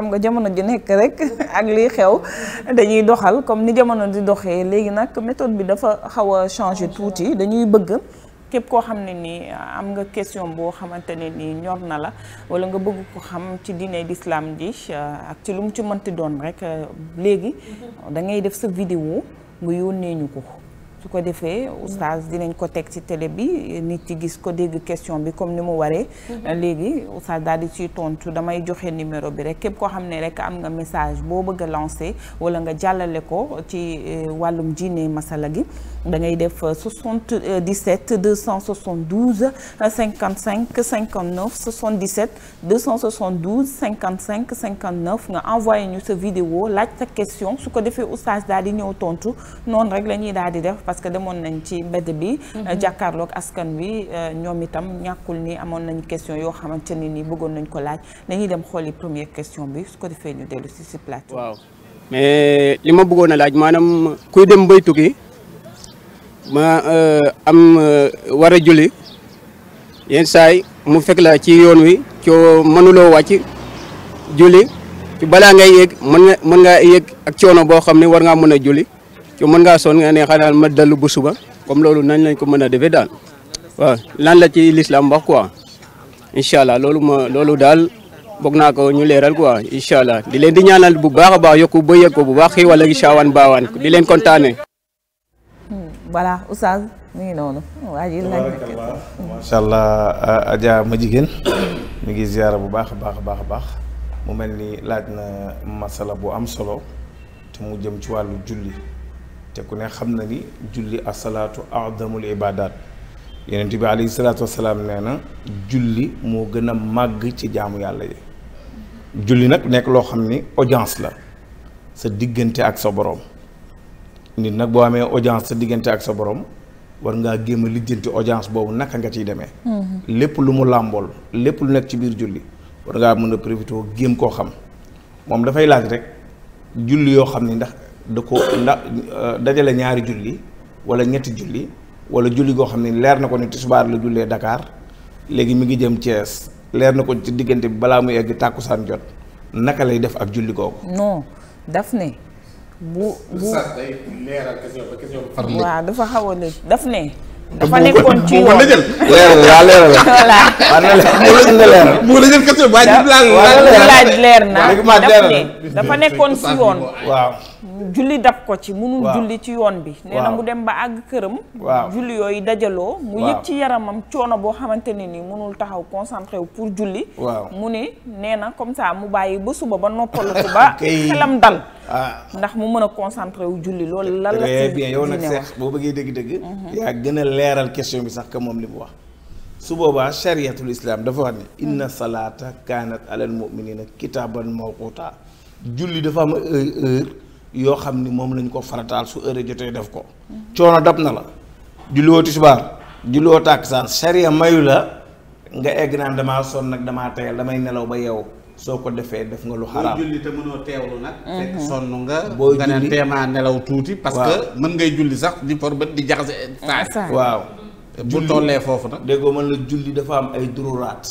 xam nga jamono ji nekk rek ak luy xew dañuy doxal comme ni jamono di doxee léegi nag méthode bi dafa xaw a changé tuuti dañuy bëgg képp koo xam ne nii ah, am nga question boo xamante ne nii ñor na la wala nga bëgg ko xam ci diine l'islam ji ah, ak ci lu mu ci mënti doon rek ah, léegi mm-hmm. da ngay def sa vidéo nga yónnee ñu ko su ko defee oustaz dinañ ko teg ci télé bi nit ci gis ko dégg question bi comme ni mu waree mhm. léegi oustaz dal di ciy tontu damay joxe numéro bi rek képp koo xam ne rek am nga message boo bëgg a lancé wala nga jàllale ko ci euh, wàllum diine masala gi da ngay def 77 272 55 59 77 272 55 59 nga envoyé ñu sa vidéo laaj sa question su ko defee oustaz daal di ñëw tontu noonu rek la ñuy di def parce que demoon nañ ci mbedd bi mhm. euh, jàkkaarloog askan wi euh, ñoom itam ñàkkul ni amoon nañ question yoo xamante ni nii bëggoon nañ ko laaj dañuy dem xooli première question bi su ko defee ñu dellu si si plateau waaw mais euh, li ma bëggoon a laaj maanaam kuy dem bay tukki ma am war a julli yenn saay mu fekk la ci yoon wi coo mënuloo wàcc julli ci balaa ngay yéeg mën nga mën ngaa yéeg ak coono boo xam ne war ngaa mën a julli ci mën ngaa sonn nga ne xanaa ma dellu bu suba comme loolu nañ lañ ko mën a defee daal waaw lan la ci lislaam wax quoi incha allah loolu ma loolu daal bëgg naa ko ñu leeral quoi incha allah di leen di ñaanal bu baax a baax yokku ba yëg ko bu baax wala saawaan baawaan di leen kontaane. voilà oustaz mi ngi noonu. waa allah Adja ma jigéen mi ngi ziara bu baax a baax a baax a baax mu mel ni laaj na masala bu am solo te mu jëm ci wàllu julli. te ku ne xam na ni julli asalaatu adamul ibadat yonent bi alayhi salaatu wasalaam nee na julli moo gën a màgg ci jaamu yàlla yi julli nag nekk loo xam ni audience la sa diggante ak sa borom nit nag boo amee audience sa diggante ak sa borom war ngaa géem a lijjanti audience boobu naka nga ciy demee mm-hmm. lépp lu mu làmbool lépp lu nekk ci biir julli war ngaa mën a profité géem koo xam moom dafay laaj rek julli yoo xam ni ndax da ko ndax euh, dajale ñaari julli wala ñetti julli wala julli goo xam ne leer na ko ci tisbaar la jullee Dakar léegi mi ngi jëm Thiès leer na ko ci diggante bi balaa muy egg tàkkusaan jot naka lay def ak julli googu. non daf ne. bu bu sax ba question far waaw dafa xaw a lëj daf ne. dafa laa leeral la. voilà mu dafa nekkoon si yoon waaw. julli dab ko ci munul julli ci yoon bi nee mu dem ba àgg këram waaw julli yooyu dajaloo mu yëg ci yaramam coono boo xamante ne nii munul taxaw concentré wu pour julli waaw mu ne nee na comme saa mu bàyyi ba suba ba noppalu ko ba xelam dal ah. ndax mu mën a concentré wu julli loolu lan bien yow nag boo bëggee dëgg-dëgg mhm. yaa a leeral question bi sax moom li mu wax su boobaa chariatul islam dafa wax ne hmm. inna salaata kaanat alal muminina kitaaban mawquta julli dafa am heure yoo xam ni moom lañ ko farataal su heure jotee def ko coono dab na la julliwoo tisbaar julliwoo tàkkusaan sariya mayu la nga egg naan damaa sonn nag damaa teyal damay nelaw ba yeewu soo ko defee def nga lu xaraam booy julli te mënoo teewlu nag. Mm-hmm. fekk nga. booy nelaw tuuti. parce que mën ngay julli sax di for ba di jaxase. saa waaw. bu tollee foofu nag. dégg mën la julli dafa am ay dururaat.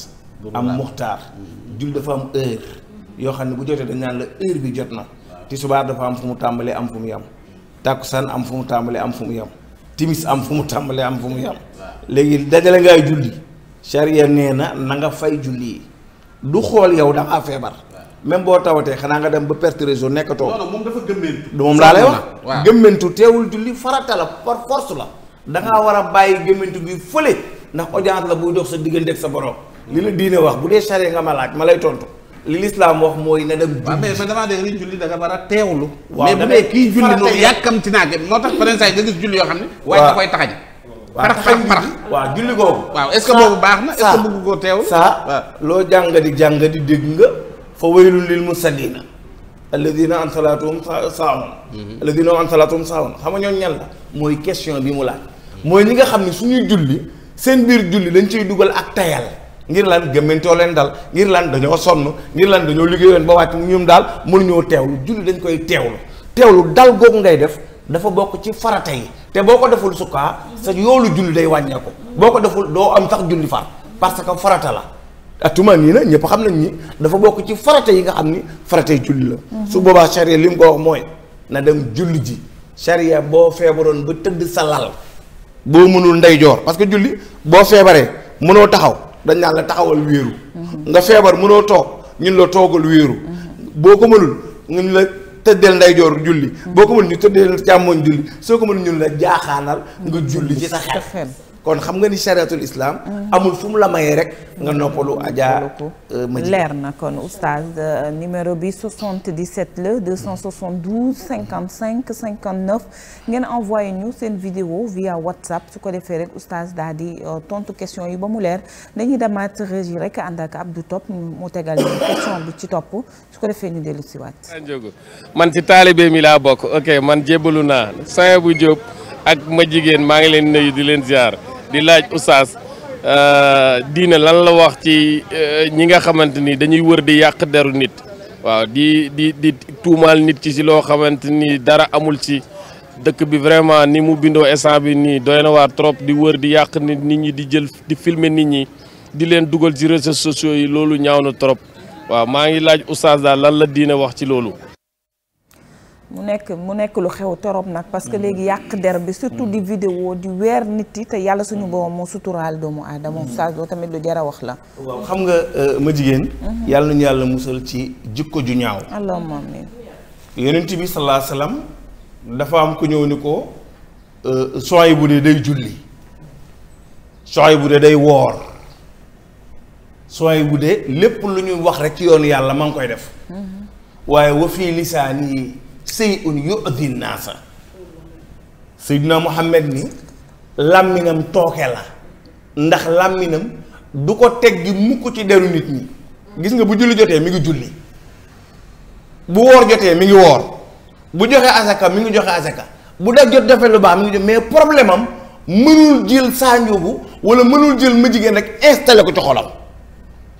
am muxtaar. Mm-hmm. julli dafa am heure. yoo xam ne bu jotee dañ naan la heure bi jot na. tisbaar dafa am fu mu tàmbalee am fu mu yam saan am fu mu tàmbalee am fu mu yam timis am fu mu tàmbalee am fu mu yam léegi dajale ngay julli charia nee na na nga fay julli yi du xool yow da ngaa feebar même boo tawatee xanaa nga dem ba perte réseau nekkatoo. non moom dafa gëmmentu. moom laa lay wax gëmmentu teewul julli farata la par force la da ngaa war a bàyyi gëmmentu bi fële ndax audience la buy dox sa diggante ak sa borom. li la diine wax bu dee charia nga ma laaj ma lay tontu. li lislaam wax mooy na dem. waaw mais man damaa dégg ni julli da nga war a teewlu. mais bu dee kii julli noonu yàkkamti naa ko moo tax beneen saa yi nga gis julli yoo xam ne. waaye da koy taxañ. parax parax parax. waaw julli googu. waaw est-ce que boobu baax na est-ce que bëgg koo teewlu. saa loo jàngadi jàngadi dégg nga. fa waylun lil musalliina. alladina an salaatuhum saahun. Mhm. alladina an salaatuhum saahun xam nga ñoom ñan la. mooy question bi mu laaj. mooy ñi nga xam ne suñuy julli seen biir julli dañ ciy dugal ak tayal ngir lan gëmmentoo leen dal ngir lan dañoo sonn ngir lan dañoo liggéeyoon ba wàcc ñoom daal mënuñoo teewlu julli dañ koy teewlu teewlu dal googu ngay def dafa bokk ci farata yi te boo ko deful sukkaa sa yoolu julli day wàññeeku boo ko deful doo am sax julli far parce que farata la atuma nii na ñëpp xam nañ ni dafa bokk ci farata yi nga xam ni farata yi julli la mhm. su boobaa charia li mu ko wax mooy na dem julli ji charia boo feebaroon ba tëdd sa lal boo mënul ndeyjoor parce que julli boo feebaree mënoo taxaw dañ naan la taxawal wéeru nga feebar mënoo toog ñun la toogal wéeru boo ko mënul ñun la tëddeel ndeyjoor julli boo ko mënul ñu tëddeel càmmoñ julli soo ko mënul ñun la jaaxaanal nga julli ci sa xel kon xam nga ni chariatul islaam ah. amul fu mu la mayee rek. nga noppalu Adja euh, Madji. leer na kon oustaz euh, numéro bi 77 la 272 55 59 ngeen envoyé ñu seen vidéo via WhatsApp su ko defee rek oustaz daal di euh, tontu question yi ba mu leer dañuy demaat régie rek ànd ak du Top mu tegal ñu question bi ci topp su ko defee ñu dellu si waat. man ci taalibe mi laa bokk ok man jébalu naa Saint bu Diop ak ma jigéen maa ngi leen nuyu di leen ziar. di laaj oustaz euh, diine lan la wax ci euh, ñi nga xamante ni dañuy wër di yàq deru nit waaw di di di tuumaal nit ci si loo xamante ni dara amul ci dëkk bi vraiment ni mu bindoo instant bi nii doy na trop di wër di yàq nit nit ñi di jël di filmer nit ñi di leen dugal ci réseaux sociaux yi loolu ñaaw na trop waaw maa ngi laaj oustaz daal lan la diine wax ci loolu mu nekk mu nekk lu xew torop nag parce que mm. léegi yàq der bi surtout mm. di vidéo di weer nit yi te yàlla suñu mm. borom moo suturaal doomu aadama saa loo tamit lu jar a wax la waaw xam nga euh, ma jigéen mm-hmm. yàlla nañu yàlla musal ci jikko ju ñaaw allahumma amin yonent bi sallallahu alayhi dafa am ku ñëw ni ko euh, sooy bu dee day julli sooy bu dee day woor sooy bu dee lépp lu ñu wax rek ci yoonu yàlla ma ngi koy def mm-hmm. waaye wa fii lisaan yi shay'un yu'di naasa Seydina Muhammad ni làmminam tooke la ndax làmminam du ko teggi mukk ci deru nit ñi gis nga bu julli jotee mi ngi julli bu woor jotee mi ngi woor bu joxe asaka mi ngi joxe asaka bu def jot defee lu baax mi ngi jot mais problème am mënul jël Sa Ndiogou wala mënul jël ma jigéen rek installé ko ci xolam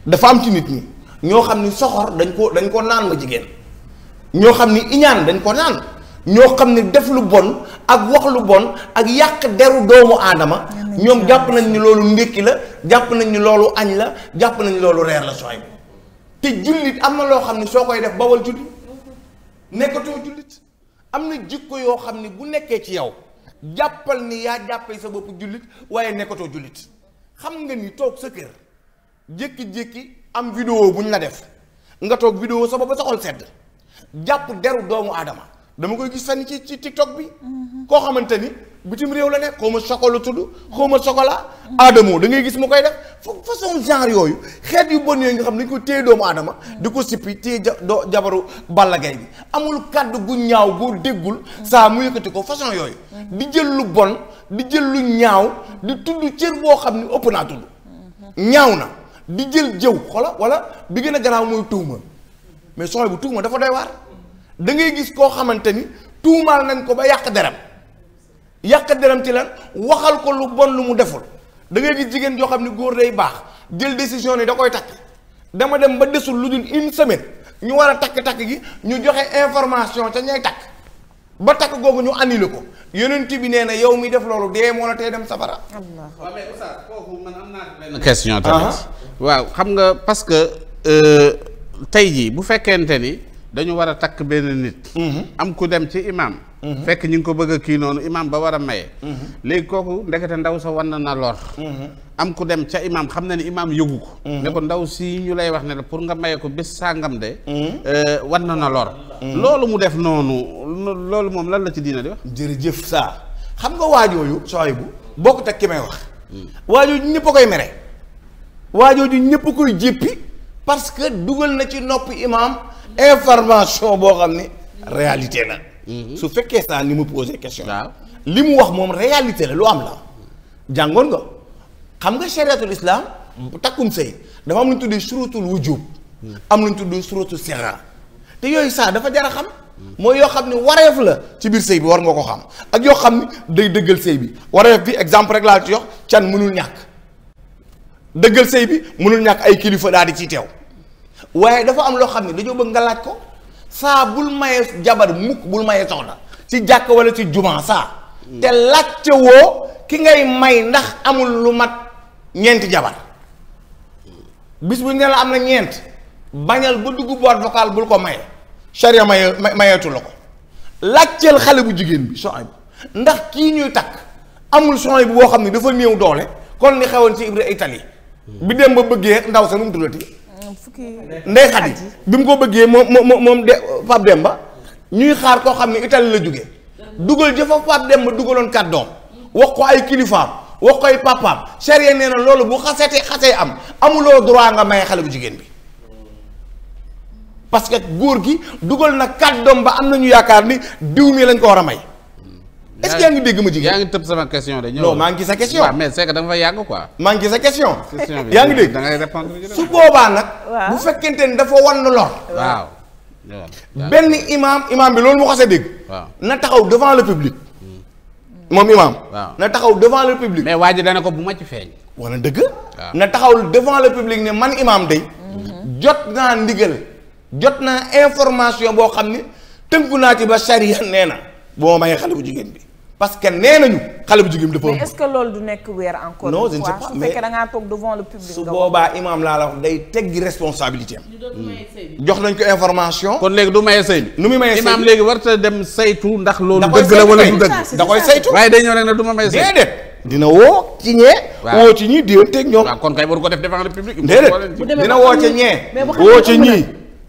dafa am ci nit ñoo xam ni soxor dañ ko dañ ko naan ma jigéen ñoo xam ni iñaan dañ ko naan ñoo xam ni def lu bon ak wax lu bon ak yàq deru doomu aadama ñoom jàpp nañ ni loolu ndékki la jàpp nañ ni loolu añ la jàpp nañ loolu reer la sooy te jullit am na loo xam ne soo koy def bawal julli nekkatoo jullit am na jikko yoo xam ne bu nekkee ci yow jàppal ni yaa jàppee sa bopp jullit waaye nekkatoo jullit xam nga ni toog sa kër jékki-jékki am vidéo bu ñu la def nga toog vidéo sa bopp sa xol sedd jàpp deru doomu aadama dama koy gis fan ci ci tiktok bi. koo xamante ni bitim réew la ne xaw ma chocolat tudd xaw ma chocolat. aadamoo da ngay gis ma koy def façon genre yooyu xeet yu bon yooyu nga xam ne dañ ko téye doomu aadama. di ko sippi téye ja doo jabaru ballagay bi amul kàdd gu ñaaw boo déggul. saa mu yëkkati ko façon yooyu. di jël lu bon di jël lu ñaaw di tudd cër boo xam ne ëpp naa tudd. ñaaw na di jël jëw xola wala bi gën a garaaw mooy tuuma. mais soxla bu tuuma dafa doy waar da ngay gis koo xamante ni tuumaal nañ ko ba yàq deram yàq deram ci lan waxal ko lu bon lu mu deful da ngay gis jigéen joo xam ne góor day baax jël décision ni da koy takk dama dem ba desul lu dul une semaine ñu war a takk-takk gi ñu joxe information ca ñay takk ba takk googu ñu annulé ko yonent bi nee na yow mi def loolu dee moo la tey dem safara. waaw mais oustaz am naa benn question tamit. Ah. waaw xam nga parce que. Euh, tey jii bu fekkente ni dañu war a takk benn nit. Mhm. am ku dem ci imaam. Mhm. fekk ñu ngi ko bëgg a kii noonu imaam ba war a maye. Mhm. léegi kooku ndekete ndaw sa wan na lor. am ku dem ca imaam xam na ni imaam yëgu ko. ne ko ndaw si ñu lay wax ne pour nga maye ko bés sàngam de. Euh, wan na na lor. loolu mu def noonu loolu moom lan la ci diina di wax. jërëjëf saa xam nga waajooyu sooy bu bokkut ak ki may wax. Hmm. waajooju ñëpp koy mere. waajooju ñëpp koy jéppi. parce que dugal na ci nopp imaam information boo xam ne réalité la. Mhm. su fekkee saa ni mu posé question. li mu wax moom réalité la lu am la. jàngoon nga xam nga chariatul islam bu takkum sëy dafa am lu ñu tuddee surutul wujub mhm. am lu ñu tuddee surutul sera te yooyu saa dafa jar a xam. mooy yoo xam ne wareef la ci biir sëy bi war nga ko xam ak yoo xam ne day dëggal sëy bi wareef bi exemple rek laa ci yox can mënul ñàkk dëggal sëy bi mënul ñàkk ay kilifa daa di ciy teew. waaye dafa am loo xam ne dañoo bëgg nga laaj ko saa bul mayee jabar mukk bul mayee soxna si jàkk wala ci jumaa saa te laajte woo ki ngay may ndax amul lu mat ñeenti jabar bis bu ne la am na ñeent bañal ba dugg boîte vocale bul ko maye charia maye mayeetu la ko laajteel xale bu jigéen bi soxna bi ndax kii ñuy takk amul soxna bi boo xam ne dafa néew doole kon li xewoon ci Ibra Italie bi dem ba bëggee ndaw sa nu mu tuddati ndey xadi bi mu ko bëggee moom moom moom de Pape Demba ñuy xaar koo xam ne Italie la jóge dugal jëfa dem ba dugaloon doom wax ko ay kilifaam wax ko ay papaam charia nee na loolu bu xasete xasee am amuloo droit nga maye xale bu jigéen bi parce que góor gi dugal na kàddoom ba am na nañu yaakaar ni diw mi lañ ko war a may est-ce que yaa ngi dégg ma jigéen yaa ngi tëb sama question de. ñëw non maa ngi sa question. ngi sa question. yaa ngi dégg da ngay su boobaa nag. bu fekkente ni dafa wan lor. waaw. benn imaam imaam bi loolu mu xasee dégg. waaw na taxaw devant le public. moom imaam. na taxaw devant le public. mais waa ji dana ko bu ma ci feeñ. wala dëgg. na taxaw devant le public ne man imaam day. jot naa ndigal. jot naa information boo xam ne tënku naa ci ba sariya nee na boo mayee xale bu jigéen bi. parce que nee nañu xale bu jigéen bi dafa. que loolu du nekk weer encore. non je ne sais su boobaa imaam laa la wax day teggi responsabilité jox nañ ko information. kon léegi du maye sëy bi. nu muy maye sëy bi imaam léegi warta dem saytu ndax. loolu dëgg la wala du dëgg da koy saytu waaye day ñëw rek ne du ma maye sëy déedéet. dina woo ci ñoom. kon kay waru ko def devant le public. déedéet dina woo ci ñee. woo ci ñii.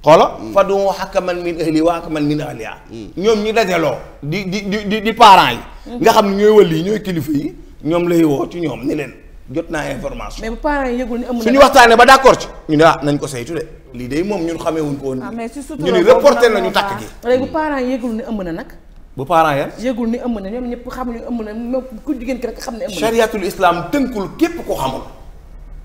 xoola fa du xakaman min ahli wa hakaman min ahliha ñoom ñi dajaloo. di di yi. nga xam ne ñooy wàll yi ñooy kilifa yi ñoom lay woo ci ñoom ni leen jot naa information. mais bu parents yëgul ne amul suñu waxtaanee ba d' accord ci ñu ne ah nañ ko saytu de lii moom ñun xamee wuñ ko woon. Ah, mais si surtout ñu ne reporté nañu takk gi. léegi bu parents yëgul ne ëmb na nag. bu parents yan. yëgul ni ëmb na ñoom ñëpp xam ne ëmb na moom ku jigéen ki rek xam ne ëmb na. chariatul islam tënkul képp ko xamul.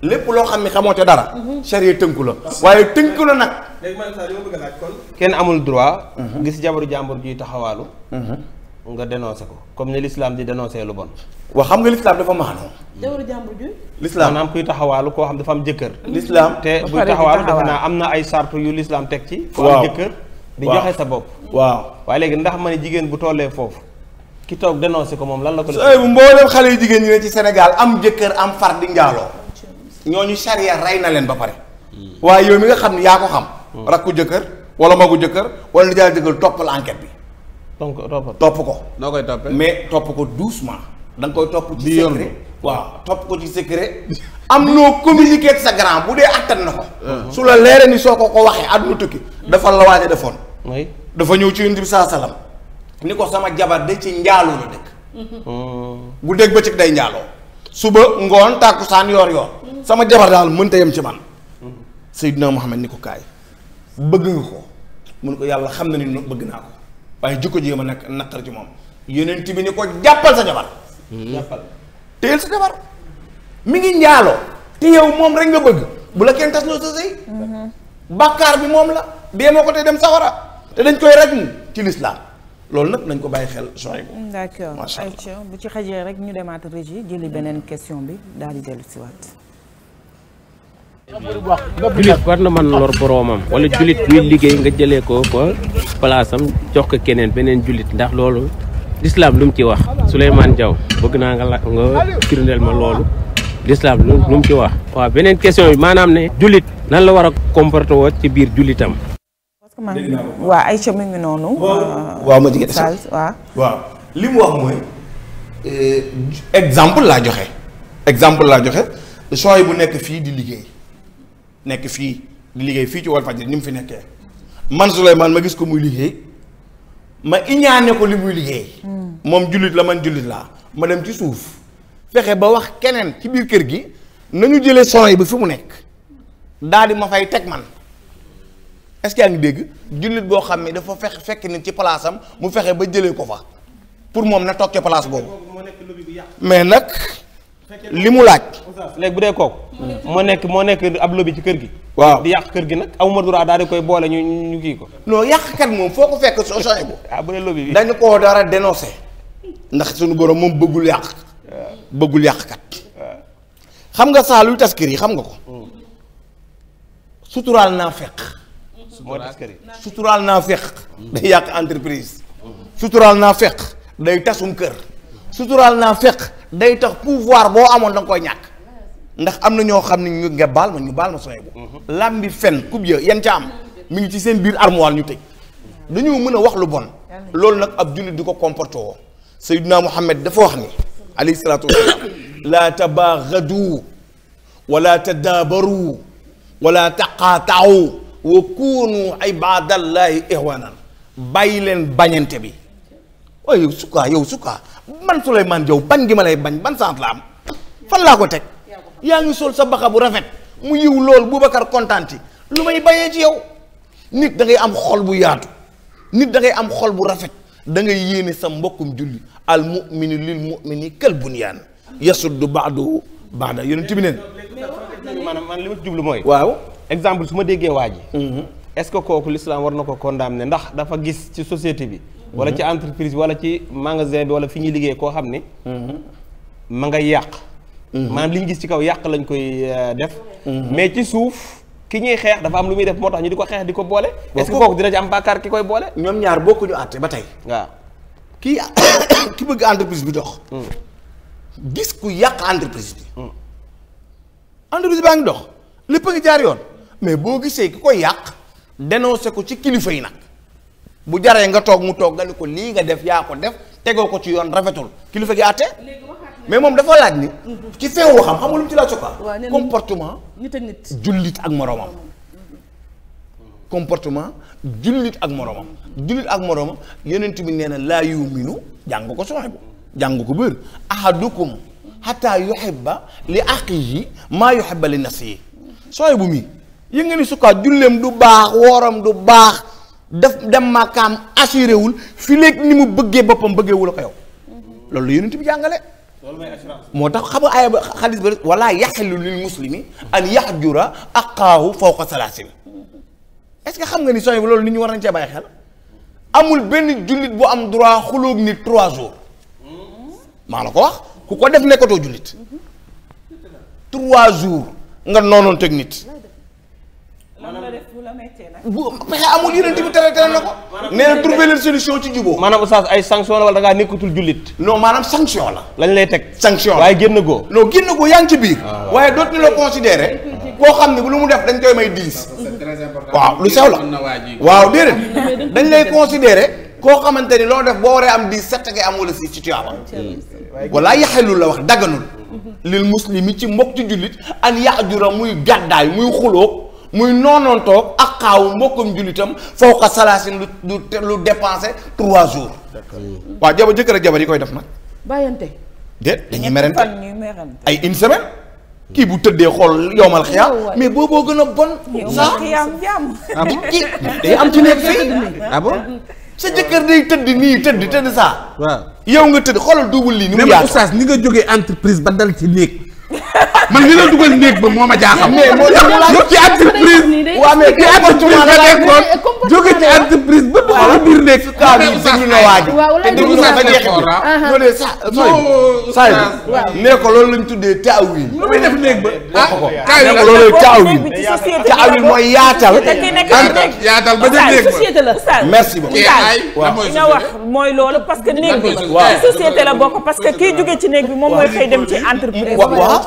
lépp loo xam ne xamoo ca dara. Mhm. charia tënku la. waaye tënku la nag. léegi man saa li ma bëgg a laaj kon. kenn amul droit. Mhm. gis jabaru jàmbur juy taxawaalu mhm. nga dénoncé ko comme ni l'islam di dénoncé lu bon. waaw xam nga l'islam dafa maanoo. jabaru jàmbur naa l'islam maanaam kuy taxawaalu koo xam dafa am jëkkër. l'islam te buy taxawaalu defe naa am na ay sart yu l'islam teg ci. ku am jëkkër di joxe sa bopp. waa waaye léegi ndax ma ne jigéen bu tollee foofu. ki toog dénoncé ko moom lan la ko. sooy bu mboolem xale yu jigéen ñi ne ci Sénégal am jëkkër am far di njaaloo. ñu charia rey na leen ba pare. Hmm. waaye yow mi nga xam yaa ko xam. Hmm. rakku jëkkër wala magu jëkkër wala nijaay jëkkër toppal enquête bi donc topp ko. noo koy toppee mais topp ko doucement. da danga koy topp ci secret waaw topp ko ci secret. am noo communiquer ak sa grand bu dee attan na ko. Uh-huh. su la leeree ni soo ko ko waxee àdduna tukki. dafa la waaj a defoon. dafa ñëw ci yonent bi saa salaam. ni ko sama jabar de ci njaaloo la dëkk. Uh-huh. Uh-huh. bu dégg bëccëg day njaaloo. suba ngoon tàkkusaan yoor yoor sama jabar daal mënta yem ci man. Seydina Muhammad ni ko kaay. bëgg nga ko. mun ko yàlla xam na ni bëgg naa ko. waaye jikko ji ma nag naqar ji moom yonent bi ni ko jàppal sa jabar hmm. jàppal téyel sa jabar mi ngi njaaloo te yow moom rek nga bëgg bu la kenn tas loo sa sëy mm-hmm. bàkkaar bi moom la dee moo ko tey dem sawara te dañ koy raj mu tilis laa loolu nag nañ ko bàyyi xel soxna yi. d'accord bu ci xajee rek ñu demaat régie jëli beneen question bi daal di dellu si waat julit war na man lor boroomam wala julit buy liggéey nga jëlee ko ko palaasam jox ko keneen beneen julit ndax loolu lislaam lu mu ci wax Souleymane Diaw bëgg naa nga la nga firndeel ma loolu lislaam lu mu ci wax waaw beneen question bi maanaam ne julit nan la war a comporter woo ci biir julitam waaw Aïcha mi ngi noonu waaw ma jigéen waaw waaw li mu wax mooy euh, exemple laa joxe exemple laa joxe bu nekk fii di liggéey nekk fii di liggéey fii ci Walfadjri ni mu fi nekkee man Souleymane ma gis ko muy liggéey ma iñaane ko li muy liggéey hmm. moom jullit la man jullit laa ma dem ci suuf fexe ba wax keneen ci biir kër gi nañu jëlee sono yi ba fi mu nekk daal di ma fay teg man est-ce ngi dégg jullit boo xam ne dafa fex fekk nit ci place am mu fexe ba jëlee ko fa pour moom na toog ca place boobu mais nag li mu laaj. léegi bu dee kooku. moo nekk moo nekk ab lobby ci kër gi. waaw di yàq kër gi nag amu ma droit daal di koy boole ñu ñu kii ko. non yàqkat moom foo ko fekk soo soxee ko. ah bu dee lobby bi dañu koo dara dénoncé. ndax suñu borom moom bëggul yàq. Ah. bëggul yàq kat ah. xam nga saa luy tas kër yi xam nga ko. suturaal naa fekk. moo yàq entreprise. suturaal naa fekk. day tasum kër. suturaal naa fekk. day tax pouvoir boo amoon da koy ñàkk ndax am na ñoo xam ne ñu nga baal ma ñu baal ma sooy bu làmbi fen kub ya yan ca am mu ngi ci seen biir armoire ñu tëj dañoo mën a wax lu bon loolu nag ab jullit du ko comporte woo Seydina Muhammad dafa wax ni alayhi salaatu wasalaam laa tabaaxadu wala tadaabaru wala taqaataaw wa kuunu ibaadallaahi ihwaanan bàyyi leen bañante bi waaye yow sukkaa yow sukkaa man Souleymane Diaw bañ gi ma lay bañ man sant la am fan laa ko teg yaa ngi sol sa baxa bu rafet mu yiw lool Boubacar kontaan ci lu may bayee ci yow nit da am xol bu yaatu nit da ngay am xol bu rafet da ngay yéene sa mbokkum julli al muminu lil mumini kal bunyaan yasuddu baadu baada yonent bi neen maanaam man li ma jubli mooy waaw exemple su ma déggee waa ji mm-hmm. est-ce que kooku l'islam war na ko ne ndax dafa gis ci société bi wala ci entreprise wala ci magasin bi wala fi ñuy liggéey koo xam ne ma ngay yàq mhm. maanaam li ñu gis ci kaw yàq lañ koy euh, def mhm. mais ci suuf ki ñuy xeex dafa am lu muy def moo tax ñu di ko xeex di ko boole est-ce que kooku dina ci am bàkkaar ki koy boole ñoom ñaar bokkuñu àtte ba tey waaw kii ki bëgg entreprise bi dox mm. gis ku yàq entreprise bi mm. entreprise baa ngi dox lépp a ngi jaar yoon mais boo gisee ki koy yàq dénoncé ko ci kilifa yi nag bu jaree nga toog mu toog nga ne ko lii nga def yaa ko def tegoo ko ci yoon rafetul kilifa gi àtte mais moom dafa laaj ni. Mhm. ci feewu xam xam nga lu mu ci laaj quoi. comportement. nit ak nit jullit ak moroomam. comportement jullit ak moroomam. jullit ak moroomam yonent bi nee na laa yuuminu jàng ko sooxe bu jàng ko biir ahadukum hatta yuhibba li axihi maa yuhibba li nafsihi sooxe bu mi yëg nga ni su julleem du baax wooram du baax. daf dem màkkaam assuré wul fi léegi ni mu bëggee boppam bëggee wul ko yow loolu la yonent bi jàngale. loolu moo tax xam nga aaya ba xadis ba wala yaxilu lil muslimi an yaxjura aqaahu fawqa salaasin est-ce que xam nga ni sooy loolu nit ñu war nañ cee bàyyi xel amul benn jullit bu am droit xulóog ni trois jours maa nga ko wax ku ko def nekkatoo jullit trois jours nga noonoon teg nit. bu pexe amul yeneen bi tere tere na ko. nee na trouver leen solution maanaam oustaz ay sanction la wala da ngaa nekkatul jullit. non maanaam sanction la. lañ lay teg sanction la waaye génn goo. non génn goo yaa ngi ci biir. Ah, waaye dootuñu la considéré. koo xam ne bu lu mu def dañ koy may diis. waaw lu sew la. waaw déedéet dañ lay considéré. koo xamante ni loo def boo waree am di sett ngay am wala si ci tuyaaba wala yaxelul la wax daganul mm-hmm. lil muslimi ci mbokk ci jullit an yaxjura muy gàddaay muy muy noonoon toog ak xaaw mbokkum jullitam foo ko salaasin lu lu lu dépensé trois jours. waaw jabar jëkkër ak jabar yi koy def nag. bàyyante. déet dañuy merente ay une semaine. kii bu tëddee xool yomal xiyaam mais booboo gën a bon. saa xiyaam jàmm. am ci nekk fii ah sa jëkkër day tëdd nii tëdd tëdd saa. waaw yow nga tëdd xoolal duubul lii. ni mu yaatu mais ni nga jógee entreprise ba dal ci néeg. man li la dugal néeg ba moo ma jaaxal. mais moo ci entreprise. waaw mais ci entreprise ba dugal biir néeg. waaw waaw te déglu sax loolu lañ tuddee taawil. lu muy def néeg ba. ah nee ko loolu taawil. taawil mooy yaatal. yaatal ba ca néeg loolu parce que néeg bi. la bokk parce que kii jóge ci néeg bi moom mooy xëy dem ci entreprise.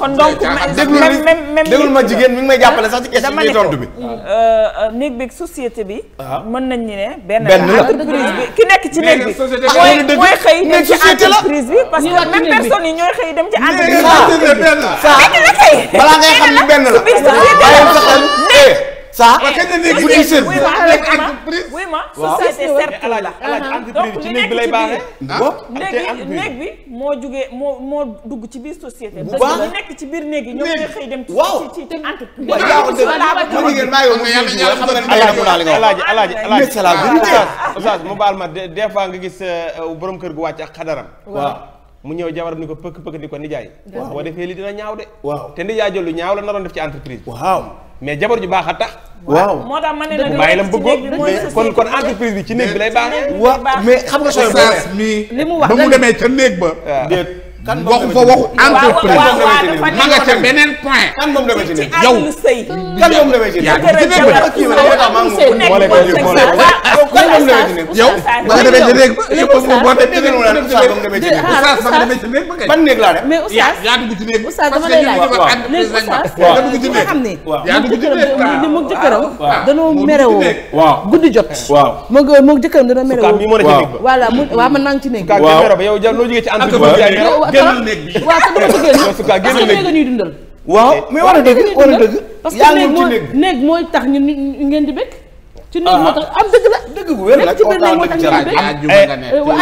kon même déglu ma jigéen mi ngi may jàppale sax ci question bi tontu bi. Euh, euh, néeg bi société bi. Ah. mën nañ ñu ne benn la entreprise bi ki nekk ci néeg bi. mooy mooy xëy dem ci entreprise bi parce que même personne yi ñooy xëy dem ci entreprise bi. benn la benn la benn la benn la benn benn la eh. ça bu dee service oui ma société cercle la donc li nekk ci biir néeg bi moo jugee moo moo dugg ci biir société bu baax li ci biir néeg yi ñoom ñooy xëy dem ci ci entreprise alaaji alaaji alaaji oustaz mu baal ma des fois nga gis borom kër gu wàcc ak xadara waaw mu ñëw jabaram ni ko pëkk pëkk ni ko nijaay boo defee li dina ñaaw de te nijaay jollu ñaaw la naroon def ci entreprise waaw mais jabar ju baax a tax. waaw moo tax man ne la bàyyi la mu bi ci néeg bi lay baax. waaw mais xam nga sooy boole li mu wax ba mu demee ca néeg ba déet. kan waxu fa waxu entreprise ma nga ca beneen point. kan moom demee ci nekk yow kan moom demee ci nekk yow ma nga demee ci nekk boo demee ci nekk oustaz ma nga demee ci nekk ba kay ban néeg laa dem mais oustaz yaa dugg ci néeg oustaz dama lay laaj waaw léegi oustaz xam ne yaa dugg ci néeg ni moog jëkkëram danoo merewoo guddi jot waaw moog moog jëkkëram danoo merewoo voilà waaw man naa ngi ci nekk waaw yow loo jógee ci entreprise génnal néeg bi waaw te dama ci génn en tout cas génnal néeg bi dundal waaw mais war a dëgg war a dëgg parce que néeg mooy tax ñu ngeen di bëgg ci néeg moo tax am dëgg la. dëgg bu wér nag ci eh, eh, am na koo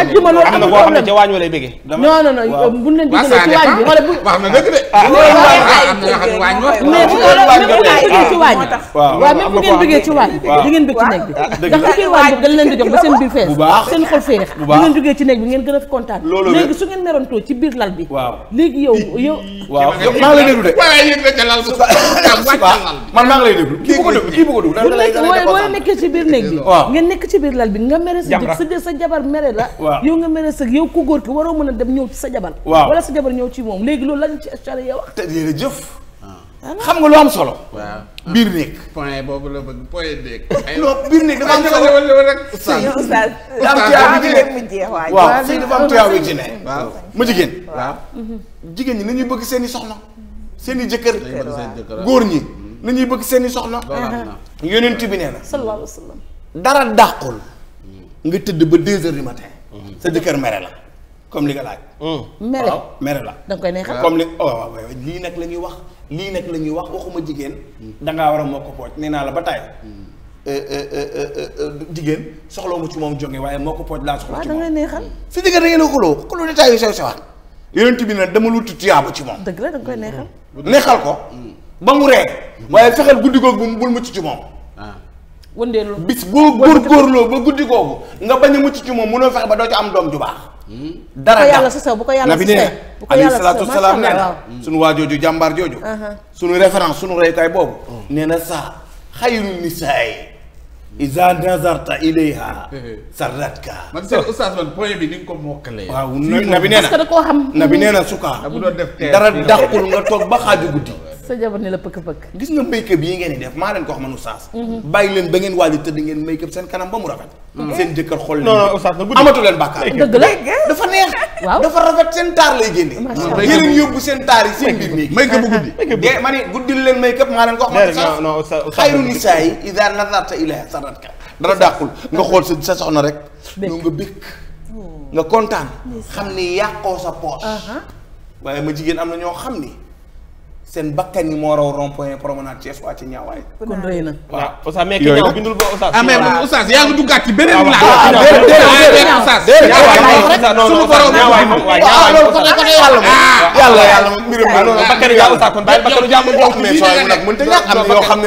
xam ne ca waañ wala bëggee non non non euh, bu leen diggalee ci waañ bi wala bu de ah. mais bu ngeen bëggee ci waañ di ngeen bëgg ci néeg bi ndax ci biir waañ bi dañ leen di jox ba seen biir fees seen xol féex bu ngeen jógee ci néeg bi ngeen gën a kontaan léegi su ngeen merantoo ci biir lal bi léegi yow yow waaw maa man maa lay déglu ci biir néeg bi nga nekk ci biir lal bi nga mere sa jëkkër sa jabar mere la yow nga mere sa yow ku góor ki waroo mën a dem ñëw ci sa jabar wala sa jabar ñëw ci moom léegi loolu lañu ci charia wax te jërëjëf ah. xam nga lu am solo biir néeg point boobu la bëgg point néeg non biir néeg dafa am am tuyaa bi ci ne waaw si dafa am tuyaa bi ci ne ma jigéen waaw jigéen ñi nañuy bëgg seen i soxna seen i jëkkër góor ñi ñuy bëgg seen i soxna yonent bi nee na. sallallahu alayhi wa sallam. dara dàqul. nga tëdd ba deux heures du matin. Mhm. sa jëkkër mere la. comme li nga laaj. Mhm. mere la. da koy neexal comme li oh, waaw lii nag la ñuy wax lii nag lañuy wax waxuma jigéen. Mhm. da ngaa war a moo ko pooj nee naa la ba tey. Euh, euh, euh, jigéen soxlawu ma ci moom jóge waaye moo ko pooj laa soxla. ci moom waaw da ngay neexal. a xuloo xuloo détail yu sew sewaat. yonent bi nag dama lu tuuti yaabu ci moom. dëgg la da nga koy neexal. neexal ko. ba mu ree waaye fexeel guddi googu bu bul mucc ci moom. Ah. wëndeelu bis boo góorgóorloo ba guddi googu nga bañ a mucc ci moom mënoo fexe ba doo ci am doom ju baax. Hmm. dara yàlla si saw bu ko yàlla si saw bu ko yàlla si saw macha allah nee na sunu waa jooju jàmbaar sunu référence sunu reykaay boobu. nee na saa xayru nisaay. iza nazarta ilayha sardatka. man seen oustaz man point bi ni nga ko mokkalee. waaw nabi nee na parce que da koo xam. nabi nee na sukaa. dara dàqul nga toog ba xaaju guddi. sa jabar ni la pëkk pëkk gis nga make up yi ngeen di def maa leen ko wax man oustaz leen ba ngeen waaj tëdd ngeen make up seen kanam ba mu rafet seen jëkkër xool leen amatu leen bàkkaar dëgg dafa neex waaw dafa rafet seen taar seen taar yi seen biir néegi make up bu ma ne guddil leen make up maa leen ko wax man oustaz xayru nisaa dara dàqul nga xool sa sa soxna rek ñoo nga békk oh. nga kontaan xam ni yàqoo sa poche uh-huh. waaye ma jigéen am na ñoo xam ni seen bakkan yi moo raw rond point promenade Thiès waa ci ñaawaay. kon rëy na waaw Oustaz mais ki ñëw bindul ba Oustaz. ah mais man Oustaz yaa ngi duggaat ci beneen bi la. ah déedéet déedéet Oustaz. la loolu bakkanu jàmm Oustaz kon bàyyi bakkanu jàmm jàmm mais sooy nag mënta ñàkk am na yoo xam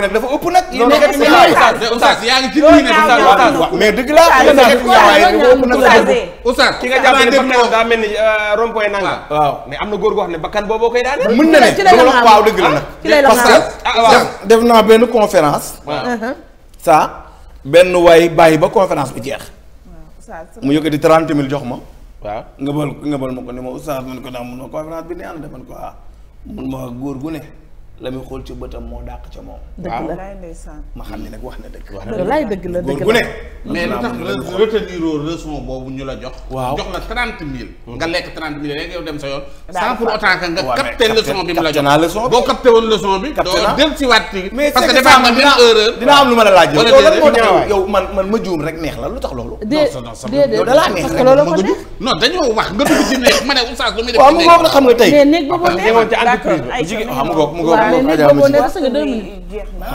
ne bakkan booboo koy daane mën na aw dëgg la nag. parce que def naa benn conférence. saa uh-huh. benn waay bàyyi ba conférence bi jeex. mu yëkkati trente mille jox ma. waa nga bël nga bël ma ko ne ma oustaz man ko naan mun ma conférence bi nee na defoon ko ah mun ma góor gu ne. la muy xool ci bëtam moo dàq ca moom. ma xam ne nag wax na dëgg. wax na dëgg la dëgg la góor gu ne. mais lu tax retenir waaw jox la trente hmm. nga lekk trente mille léegi yow dem bi mu la jox boo capté woon leçon bi. capté naa doo ci. parce que dafa am ma la la lu tax loolu. déedéet yow wax nga dugg ci neex mu ngoog la nga tey. mais néeg boobu ah, neex d'accord mais